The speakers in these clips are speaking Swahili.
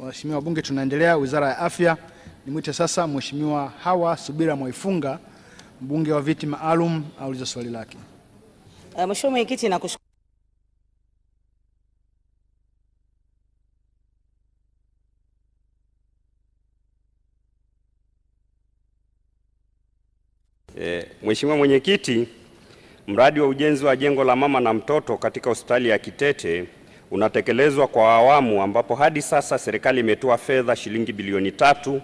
Waheshimiwa wabunge, tunaendelea wizara ya afya. Nimwite sasa Mheshimiwa Hawa Subira Mwaifunga, mbunge wa viti maalum, aulize swali lake. Eh, Mheshimiwa Mwenyekiti, nakushukuru. Eh, Mheshimiwa Mwenyekiti, mradi wa ujenzi wa jengo la mama na mtoto katika hospitali ya Kitete unatekelezwa kwa awamu ambapo hadi sasa serikali imetoa fedha shilingi bilioni tatu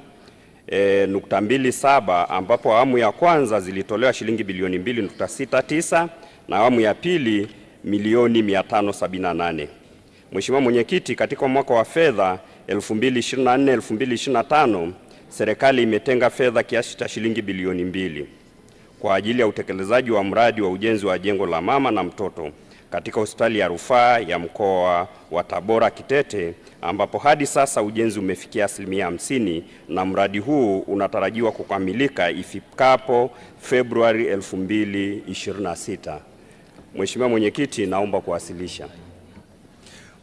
e, nukta mbili saba ambapo awamu ya kwanza zilitolewa shilingi bilioni mbili nukta sita tisa na awamu ya pili milioni 578. Mheshimiwa Mwenyekiti, katika mwaka wa fedha 2024 2025 serikali imetenga fedha kiasi cha shilingi bilioni mbili kwa ajili ya utekelezaji wa mradi wa ujenzi wa jengo la mama na mtoto katika hospitali ya rufaa ya mkoa wa Tabora Kitete, ambapo hadi sasa ujenzi umefikia asilimia hamsini na mradi huu unatarajiwa kukamilika ifikapo Februari 2026. Mheshimiwa Mwenyekiti, naomba kuwasilisha.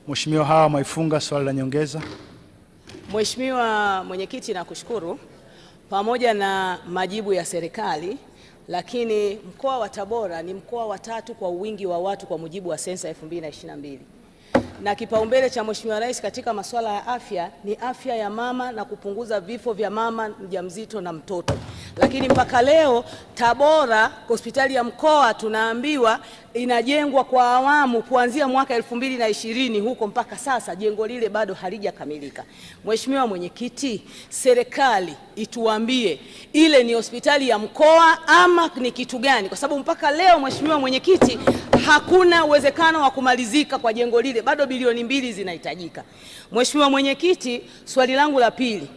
Mheshimiwa Hawa Mwaifunga, swali la nyongeza. Mheshimiwa Mwenyekiti, nakushukuru pamoja na majibu ya serikali lakini mkoa wa Tabora ni mkoa wa tatu kwa uwingi wa watu kwa mujibu wa sensa 2022 na kipaumbele cha Mheshimiwa Rais katika masuala ya afya ni afya ya mama na kupunguza vifo vya mama mjamzito na mtoto. Lakini mpaka leo Tabora, hospitali ya mkoa tunaambiwa inajengwa kwa awamu kuanzia mwaka elfu na ishirini huko mpaka sasa jengo lile bado halijakamilika. Mheshimiwa Mwenyekiti, serikali ituambie ile ni hospitali ya mkoa ama ni kitu gani? Kwa sababu mpaka leo Mheshimiwa Mwenyekiti, hakuna uwezekano wa kumalizika kwa jengo lile, bado bilioni mbili zinahitajika. Mheshimiwa Mwenyekiti, swali langu la pili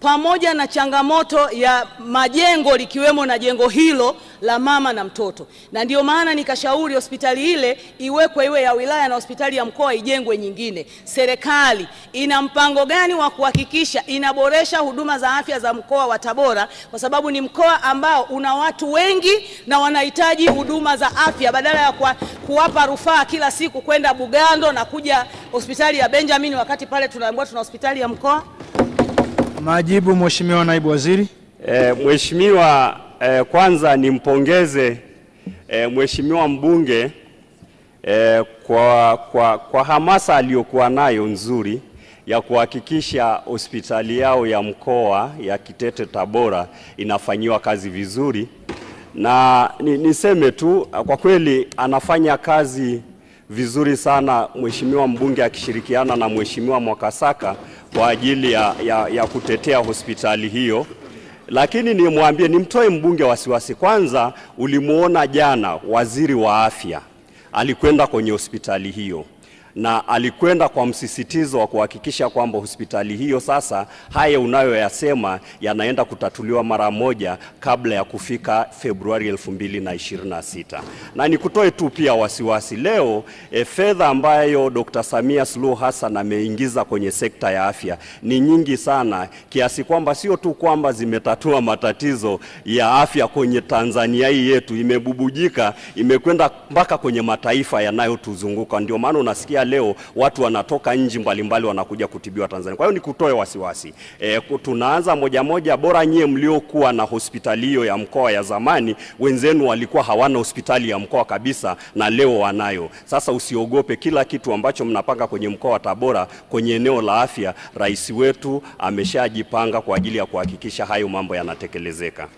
pamoja na changamoto ya majengo likiwemo na jengo hilo la mama na mtoto, na ndio maana nikashauri hospitali ile iwekwe iwe ya wilaya na hospitali ya mkoa ijengwe nyingine. Serikali ina mpango gani wa kuhakikisha inaboresha huduma za afya za mkoa wa Tabora, kwa sababu ni mkoa ambao una watu wengi na wanahitaji huduma za afya, badala ya kuwapa rufaa kila siku kwenda Bugando na kuja hospitali ya Benjamin, wakati pale tunaambiwa tuna hospitali ya mkoa. Majibu Mheshimiwa Naibu Waziri. E, Mheshimiwa e, kwanza nimpongeze e, Mheshimiwa mbunge e, kwa, kwa, kwa hamasa aliyokuwa nayo nzuri ya kuhakikisha hospitali yao ya mkoa ya Kitete Tabora inafanyiwa kazi vizuri, na niseme tu kwa kweli anafanya kazi vizuri sana mheshimiwa mbunge akishirikiana na mheshimiwa Mwakasaka kwa ajili ya, ya, ya kutetea hospitali hiyo lakini nimwambie nimtoe mbunge wasiwasi kwanza. Ulimuona jana waziri wa afya alikwenda kwenye hospitali hiyo na alikwenda kwa msisitizo wa kuhakikisha kwamba hospitali hiyo sasa, haya unayoyasema yanaenda kutatuliwa mara moja kabla ya kufika Februari 2026. Na nikutoe tu pia wasiwasi leo, e, fedha ambayo Dr. Samia Suluhu Hassan ameingiza kwenye sekta ya afya ni nyingi sana kiasi kwamba sio tu kwamba zimetatua matatizo ya afya kwenye Tanzania hii yetu, imebubujika, imekwenda mpaka kwenye mataifa yanayotuzunguka. Ndio maana unasikia leo watu wanatoka nchi mbalimbali wanakuja kutibiwa Tanzania. Kwa hiyo kutoe wasiwasi e, tunaanza moja moja. Bora nyie mliokuwa na hospitali hiyo ya mkoa ya zamani, wenzenu walikuwa hawana hospitali ya mkoa kabisa, na leo wanayo. Sasa usiogope, kila kitu ambacho mnapanga kwenye mkoa wa Tabora kwenye eneo la afya, rais wetu ameshajipanga kwa ajili ya kuhakikisha hayo mambo yanatekelezeka.